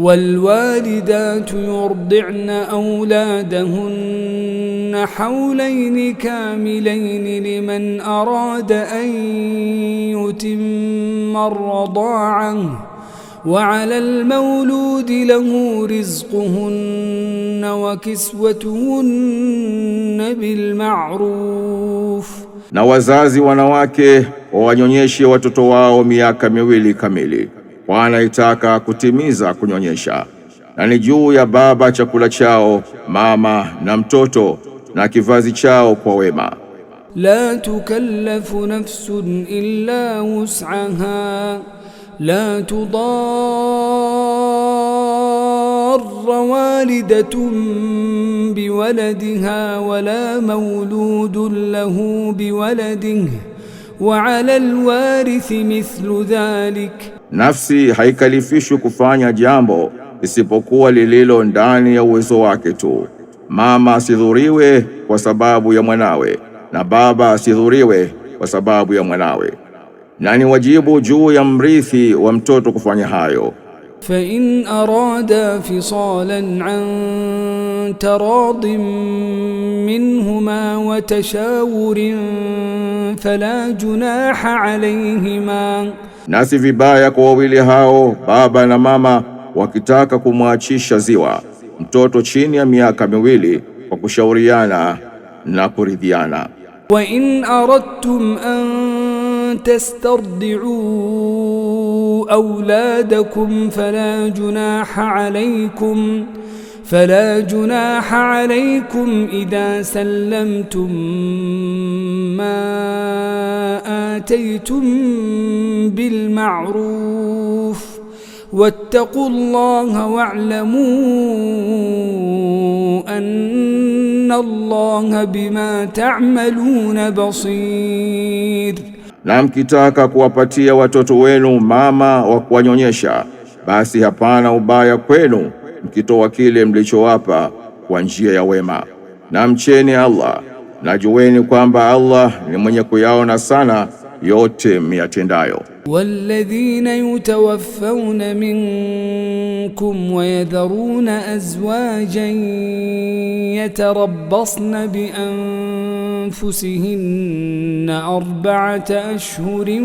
والوالدات يرضعن أولادهن حولين كاملين لمن أراد أن يتم الرضاعة وعلى المولود له رزقهن وكسوتهن بالمعروف na wazazi wanawake wawanyonyeshe watoto wao miaka miwili kamili kwa kutimiza kunyonyesha, na ni juu ya baba chakula chao, mama na mtoto, na kivazi chao kwa wema. La tukallafu nafsun illa wus'aha la tudarra walidatun biwaladiha wala mauludun lahu biwaladihi wa ala alwarith mithlu dhalik, nafsi haikalifishwi kufanya jambo isipokuwa lililo ndani ya uwezo wake tu. Mama asidhuriwe kwa sababu ya mwanawe na baba asidhuriwe kwa sababu ya mwanawe, na ni wajibu juu ya mrithi wa mtoto kufanya hayo. فإن أرادا فصالا عن تراض منهما وتشاور فلا جناح عليهما. nasi vibaya kwa wawili hao baba na mama wakitaka kumwachisha ziwa mtoto chini ya miaka miwili kwa kushauriana na kuridhiana. Wa in aradtum an tastardi'u أولادكم فلا جناح عليكم فلا جناح عليكم إذا سلمتم ما آتيتم بالمعروف واتقوا الله واعلموا أن الله بما تعملون بصير na mkitaka kuwapatia watoto wenu mama wa kuwanyonyesha, basi hapana ubaya kwenu mkitoa kile mlichowapa kwa njia ya wema. Na mcheni Allah, najueni kwamba Allah ni mwenye kuyaona sana yote miyatendayo. walladhina yutawaffawna minkum wa yadharuna azwajan yatarabbasna bi anfusihim arba'ata ashhurin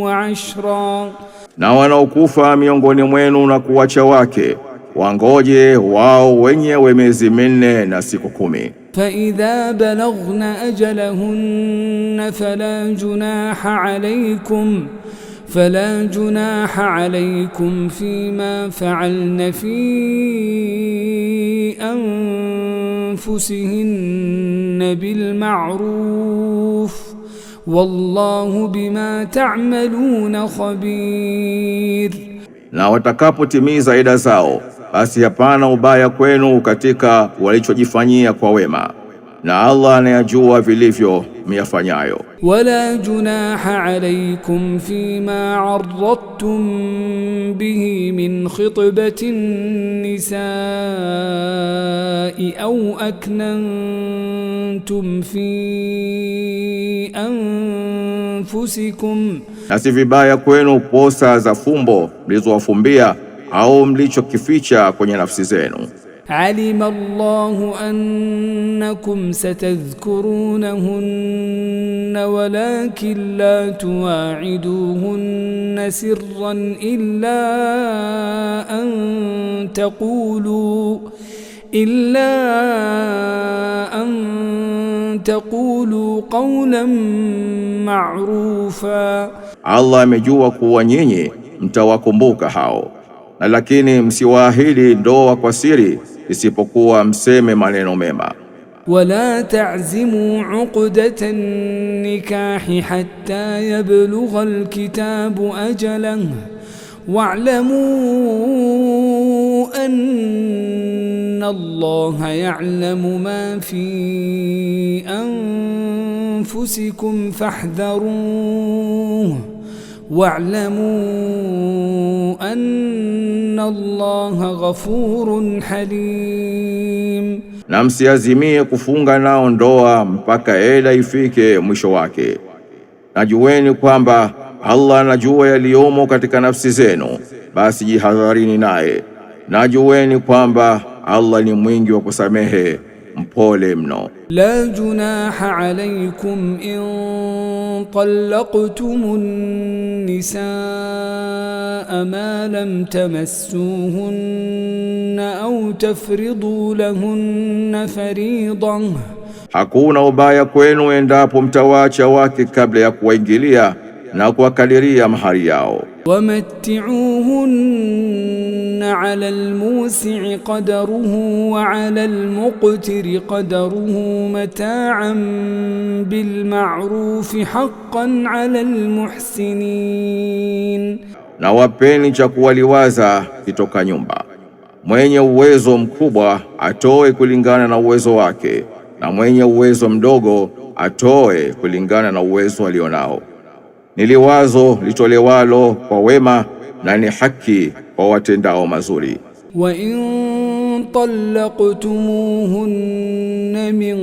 وعشرا ashra, na wanaokufa miongoni mwenu na kuwacha wake wangoje wao wenyewe miezi minne na siku kumi. fa idha balaghna ajalahunna fala junaha alaykum fala junaha alaykum fima fa'alna fi an أنفسهن بالمعروف wallahu bima ta'maluna khabir, na watakapotimiza ida zao, basi hapana ubaya kwenu katika walichojifanyia kwa wema na Allah anayajua vilivyo miyafanyayo. Wala junaha alaykum ma arradtum bihi min khitbati nisai au aknantum fi anfusikum, na si vibaya kwenu posa za fumbo mlizowafumbia au mlichokificha kwenye nafsi zenu علم الله انكم ستذكرونهن ولكن لا تواعدوهن سرا الا ان تقولوا الا ان تقولوا قولا معروفا الله amejua kuwa nyinyi mtawakumbuka hao, na lakini msiwaahidi ndoa kwa siri isipokuwa mseme maneno mema. wala ta'zimu 'uqdatan nikahi hatta yablugha alkitabu ajalahu wa'lamu anna Allaha ya'lamu ma fi anfusikum fahdharuhu wa'lamu واعلموا أن الله غفور na msiazimie kufunga nao ndoa mpaka ela ifike mwisho wake, najueni kwamba Allah anajua yaliyomo katika nafsi zenu, basi jihadharini naye, najueni kwamba Allah ni mwingi wa kusamehe mpole mno. la junaha alaykum in طلقتم النساء ما لم تمسوهن au tafridu lahunna faridah, hakuna ubaya kwenu endapo mtawaacha wake kabla ya kuwaingilia na kuwakadiria mahari yao. ومتعوهن على الموسع قدره qadaruhu المقتر قدره متاعا بالمعروف حقا على المحسنين ma'rufi na wapeni cha kuwaliwaza kitoka nyumba. Mwenye uwezo mkubwa atoe kulingana na uwezo wake, na mwenye uwezo mdogo atoe kulingana na uwezo alionao. ni liwazo litolewalo kwa wema na ni haki kwa watendao mazuri. wa in talaqtumuhunna min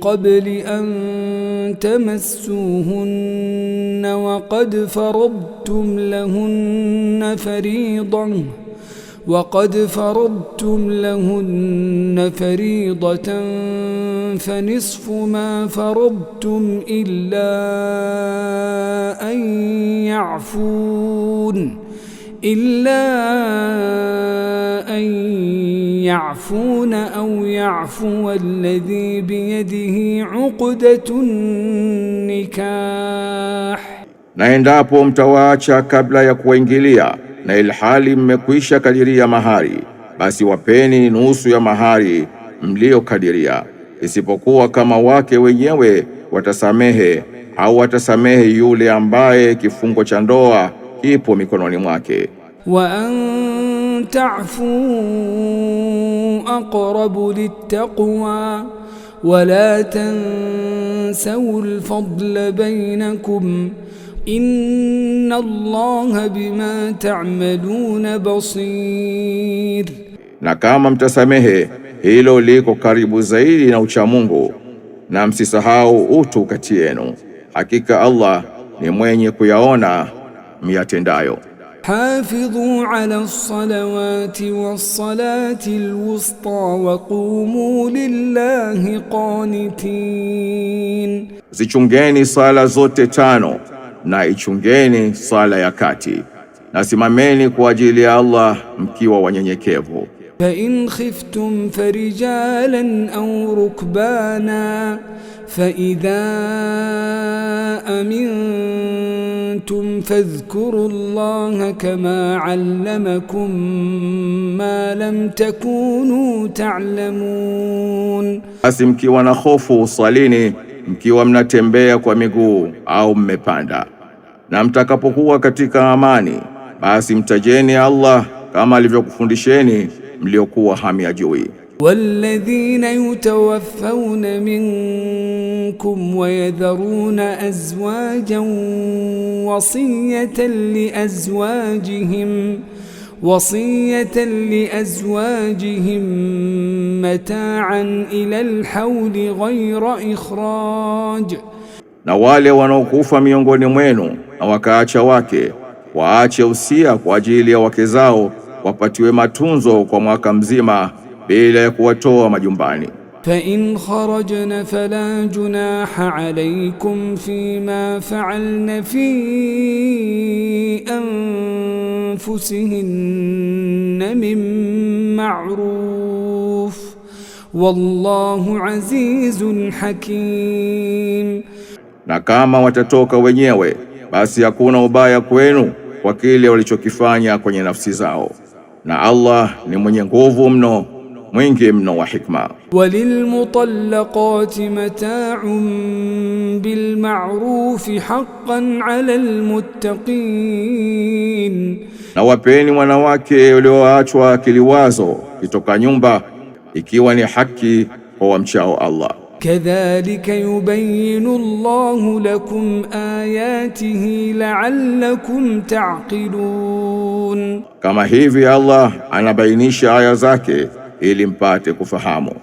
qabli an tamassuhunna wa qad faradtum lahunna faridhan وقد فرضتم لهن فريضة فنصف ما فرضتم إلا أن يعفون إلا أن يعفون أو يعفو الذي بيده عقدة النكاح. Na endapo mtawaacha kabla ya kuwaingilia na ilhali mmekwisha kadiria mahari, basi wapeni nusu ya mahari mliyokadiria, isipokuwa kama wake wenyewe watasamehe au watasamehe yule ambaye kifungo cha ndoa kipo mikononi mwake. wa antafu ta'fu aqrabu littaqwa wala la tansaw bainakum Inna Allaha bima ta'maluna basir, na kama mtasamehe hilo liko karibu zaidi na uchamungu, na msisahau utu kati yenu, hakika Allah ni mwenye kuyaona myatendayo. Hafidhu ala salawati wassalati alwusta wa qumu lillahi qanitin, zichungeni sala zote tano na ichungeni sala ya kati na simameni kwa ajili ya Allah mkiwa wanyenyekevu. fa in khiftum farijalan au rukbana fa idha amintum fadhkuru llaha kama allamakum ma lam takunu ta'lamun, basi mkiwa na hofu usalini mkiwa mnatembea kwa miguu au mmepanda. Na mtakapokuwa katika amani, basi mtajeni Allah kama alivyokufundisheni mliokuwa hamyajui. walladhina yutawaffawna minkum wayadharuna azwajan wasiyatan liazwajihim وصية لأزواجهم متاعا ila alhauli ghaira ikhraj, na wale wanaokufa miongoni mwenu na wakaacha wake waache usia kwa ajili ya wake zao wapatiwe matunzo kwa mwaka mzima bila ya kuwatoa majumbani. fa in kharajna fala junaha alaykum fima fa'alna fi an أنفسهن من معروف wallahu azizun hakim. Na kama watatoka wenyewe, basi hakuna ubaya kwenu kwa kile walichokifanya kwenye nafsi zao, na Allah ni mwenye nguvu mno mwingi mno wa hikma. Walilmutallaqati mata'un bilma'ruf haqqan 'alal muttaqin, na wapeni wanawake walioachwa kiliwazo kutoka nyumba ikiwa ni haki kwa wamchao Allah. Kadhalika yubayinu Allahu lakum ayatihi la'allakum ta'qilun, kama hivi Allah anabainisha aya zake ili mpate kufahamu.